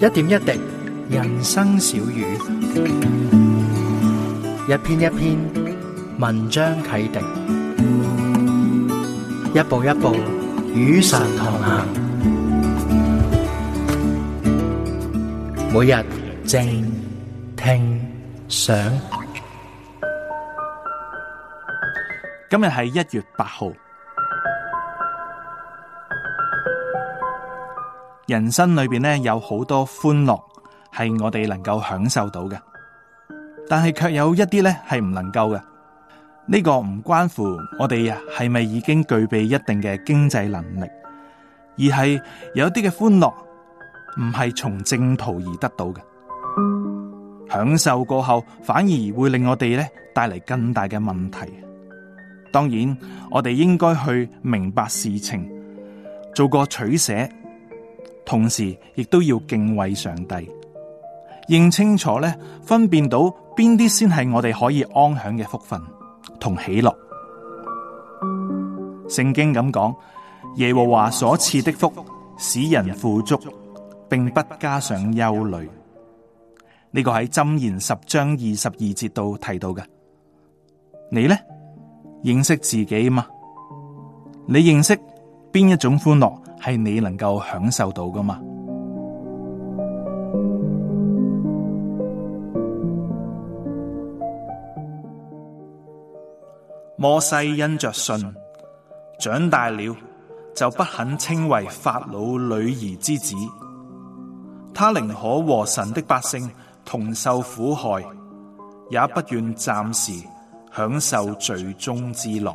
一點一滴，人生小語；一篇一篇，文章啟迪；一步一步，雨傘同行。每日靜聽，想今天是日係一月八號。人生裏邊咧有好多歡樂係我哋能夠享受到嘅，但係卻有一啲咧係唔能夠嘅。呢個唔關乎我哋啊係咪已經具備一定嘅經濟能力，而係有啲嘅歡樂唔係從正途而得到嘅。享受過後反而會令我哋咧帶嚟更大嘅問題。當然，我哋應該去明白事情，做個取捨。同時，亦都要敬畏上帝，認清楚咧，分辨到邊啲先係我哋可以安享嘅福分同喜樂。聖經咁講，耶和華所賜的福，使人富足，並不加上憂慮。呢個喺箴言十章二十二節度提到嘅。你呢？認識自己嘛？你認識？邊一種歡樂係你能夠享受到㗎嘛？摩西因着信，長大了就不肯稱為法老女兒之子，他寧可和神的百姓同受苦害，也不願暫時享受罪中之樂。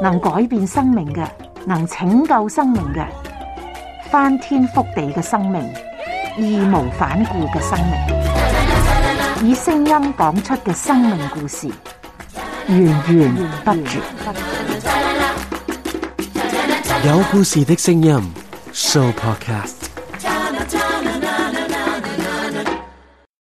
能改變生命嘅，能拯救生命嘅，翻天覆地嘅生命，義無反顧嘅生命，以聲音講出嘅生命故事，源源不絕，有故事的聲音 Sooo Podcast。